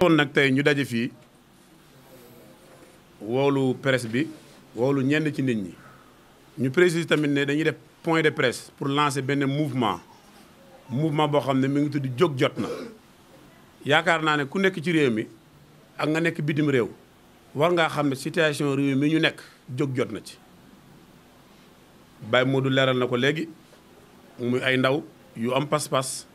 woon nag tey ñu daje fii woolu presse bi woolu ñenn ci nit ñi ñu précise tamit ne dañuy def point de presse pour lancer benn mouvement mouvement boo xam ne mi ngi tudd jóg jot na yaakaar naa ne ku nekk ci réew mi ak nga nekk bitim réew war ngaa xam ne situation réew mi ñu nekk jóg jot na ci Baye Modou leeral na ko léegi muy ay ndaw yu am pas-pas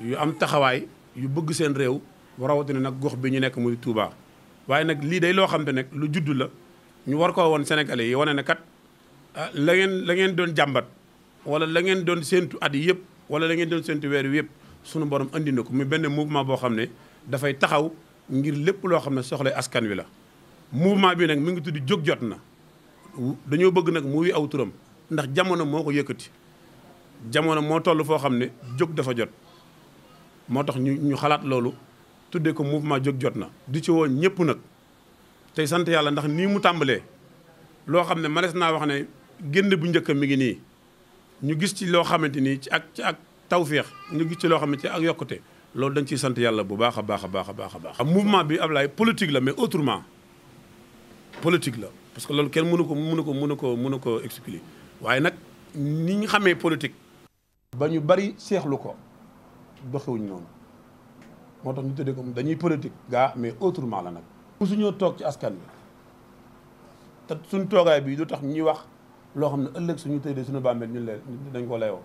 yu am taxawaay yu bëgg seen réew ne nag gox bi ñu nekk muy Touba. waaye nag lii day loo xam ne nag lu judd la ñu war koo woon sénégalais yi wane ne kat ah, la ngeen la ngeen doon jàmbat wala la ngeen doon séentu at yi yëpp wala la ngeen doon séentu weer yëpp sunu borom andi na ko muy benn mouvement boo xam ne dafay taxaw ngir lépp loo xam ne soxlay askan wi la. mouvement bii nag mi ngi tudd jóg jot na dañoo bëgg nag mu wi aw turam ndax jamono moo ko yëkkati jamono moo toll foo xam ne jóg dafa jot moo tax ñu xalaat loolu. tuddee ko mouvement jóg jot na di ci woon ñëpp nag tey sant yàlla ndax nii mu tàmbalee loo xam ne manees naa wax ne génn bu njëkk mi ngi nii ñu gis ci loo xamante nii ci ak ci ak tawféex ñu gis ci loo xam ne ci ak yokkute loolu dañ ciy sant yàlla bu baax a baax a baax a baax a baax mouvement bi Ablaye politique la mais autrement politique la parce que loolu kenn mënu ko mënu ko mënu ko mënu ko expliquer waaye nag ni ñu xamee politique ba ñu bari seexlu ko doxewuñ noonu moo tax ñu tuddee ko dañuy politique gaa mais autrement la nag musuñoo toog ci askan bi te suñ toogaay bi du tax ñuy wax loo xam ne ëllëg suñu tëddee suñu bàmmeel ñu leen dañ ko layoo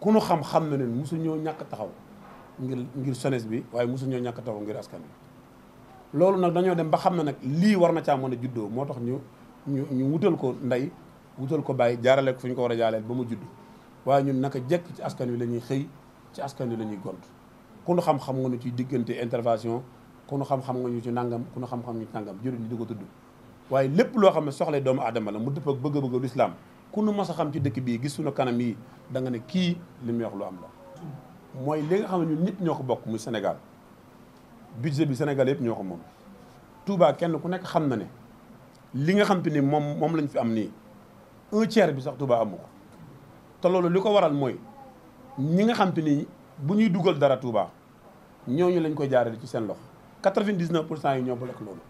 ku nu xam-xam na ne musuñoo ñàkk taxaw ngir ngir jeunesse bi waaye musuñoo ñàkk taxaw ngir askan loolu nag dañoo dem ba xam ne nag lii war na caa a juddoo moo tax ñu ñu ñu wutal ko ndey wutal ko bàyyi jaarale ko fu ñu ko war a jaaleel ba mu juddu waaye ñun naka jekk ci askan wi la ñuy xëy ci askan wi lañuy ñuy gont ku nu xam-xam nga nu ci diggante intervention ku nu xam-xam nga ñu ci nangam ku nu xam-xam ñu ci nangam jërëjëf di ko tudd waaye lépp loo xam ne soxla doomu aadama la mu dëpp ak bëgg-bëgg lislaam ku nu mos a xam ci dëkk bii gis suñu kanam yi da nga ne kii li muy wax lu am la mooy li xam ne ñun ñëpp ñoo ko bokk muy Sénégal budget bi Sénégal yëpp ñoo ko moom Touba kenn ku nekk xam na ne li nga xam te ni moom moom lañ fi am nii un tiers bi sax Touba amu ko te loolu li ko waral mooy ñi nga xam ni bu ñuy dugal dara Touba ñu lañ koy jaarale ci seen lox loxo 99 pour cent yi ñoo lekk loolu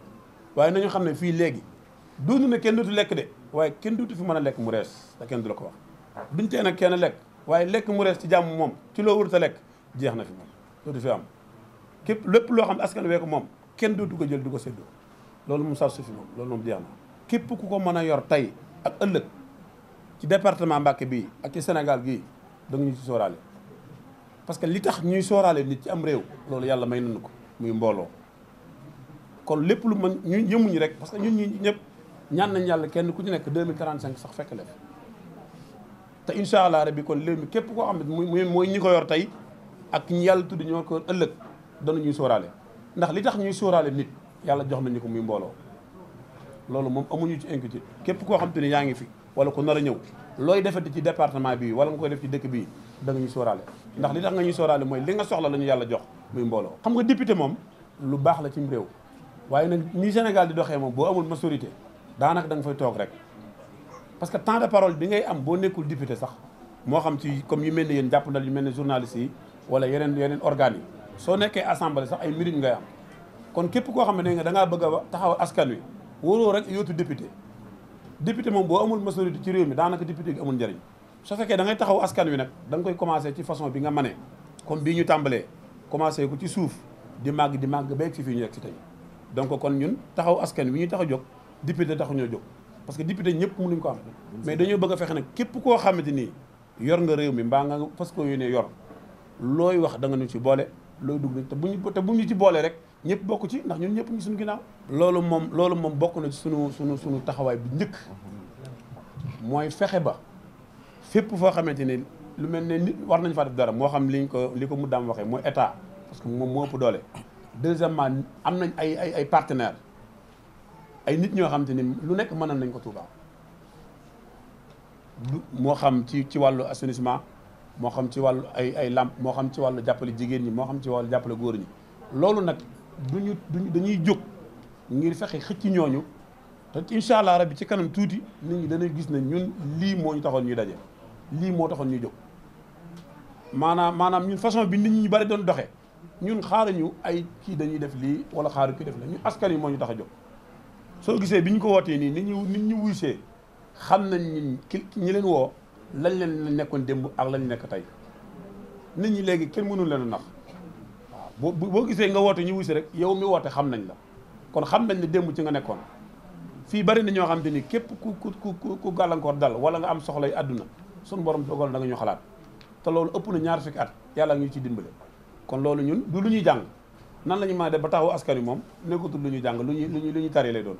waaye nañu xam ne fii léegi dund na kenn du dootu lekk de waaye kenn dootu fi mën a lekk mu rees te kenn du la ko wax duñ tee nag kenn lekk waaye lekk mu rees ci jàmm moom ci loo wërta lekk jeex na fi moom dootu fi am képp lépp loo xam ne askan wee moom kenn dootu ko jël du ko séddoo loolu mu sax su fi moom loolu moom jeex na képp ku ko mën a yor tey ak ëllëg ci département Mbacké bii ak ci Sénégal gii da nga parce que li tax ñuy sooraale nit ci am réew loolu yàlla may nañu ko muy mbooloo kon lépp lu mën ñu yëmuñu rek parce que ñu ñu ñëpp ñaan nañ yàlla kenn ku ci nekk 2045 sax fekk leen te incha allah bi kon léegi képp koo xam ne muy mooy ñi ko yor tey ak ñi yàlla tudd ñoo ko ëllëg dana ñuy sóoraale ndax li tax ñuy sóoraale nit yàlla jox nañu ko muy mbooloo loolu moom amuñu ci inquiétude képp koo xam te yaa ngi fi wala ku nar a ñëw looy defati ci département bi wala nga koy def ci dëkk bi da nga ñu sóoraale ndax li tax nga ñu sóoraale mooy li nga soxla la ñu yàlla jox muy mbooloo xam nga député moom lu baax la ci réew waaye nag ni Sénégal di doxee moom boo amul majorité daanaka da fay toog rek parce que temps de bi ngay am boo nekkul député sax moo xam ci comme yi mel ne yéen jàpp ndal yu mel ne journaliste yi wala yeneen yeneen organes yi soo nekkee assemblée sax ay mérite ngay am kon képp koo xam ne ne nga da bëgg a taxaw askan wi wóoroo rek yootu député député moom boo amul majorité ci réew mi daanaka député gi amul njëriñ su fekkee dangay ngay taxaw askan wi nag danga koy commencé ci façon bi nga mane comme bii ñu tàmbalee commencé ko ci suuf di màgg di màgg ba ci fii ñu nekk ci tey donc kon ñun taxaw askan wi ñu tax jóg jóg député taxuñoo jóg parce que député ñëpp nuñ ko am mais dañoo bëgg a fexe nag képp koo xamante nii yor nga réew mi mbaa nga parce que yéene yor looy wax da nga ñu ci boole looy dugg te bu buñu te buñu ci boole rek ñëpp bokk ci ndax ñun ñëpp ñu suñu ginnaaw loolu moom loolu moom bokk ci sunu sunu sunu taxawaay bi njëkk mooy fexe ba fépp foo xamante ne lu mel ne nit war nañ fa dara moo xam liñ ko li ko mu daam waxee mooy état parce que moom moo ëpp doole deuxièmement am nañ ay ay ay partenaires ay nit ñoo xamante ni lu nekk mënal nañ ko Touba moo xam ci ci wàllu assainissement moo xam ci wàllu ay ay làmp moo xam ci wàllu jàppale jigéen ñi moo xam ci wàllu jàppale góor ñi loolu nag duñu duñu dañuy jóg ngir fexe xëcc ñooñu te incha allah bi ci kanam tuuti nit ñi danañ gis ne ñun lii moo ñu ñuy daje lii moo taxoon ñu jóg maanaam maanaam ñun façon bi nit ñi bari doon doxee ñun xaaruñu ay kii dañuy def lii wala xaaru kii def la ñun askan yi moo ñu tax a jóg soo gisee bi ñu ko wootee nii nit ñu nit ñu wuysee xam nañ ki ñi leen woo lañ leen lañ nekkoon démb ak lañ nekk tey nit ñi léegi kenn mënul leen a nax waaw boo boo gisee nga woote ñu wuysee rek yow mi woote xam nañ la kon xam nañ ne démb ci nga nekkoon fii bari na ñoo xam te ni képp ku ku ku ku gàllankoor dal wala nga am soxlay àdduna suñu borom dogal na nga ñu xalaat te loolu ëpp na ñaar fukki at yàlla ñu ci dimbale kon loolu ñun du lu ñuy jàng nan la ñu mën def ba taxawu askan wi moom nekkatul lu ñuy jàng lu ñuy lu ñuy lu ñuy tari lay doon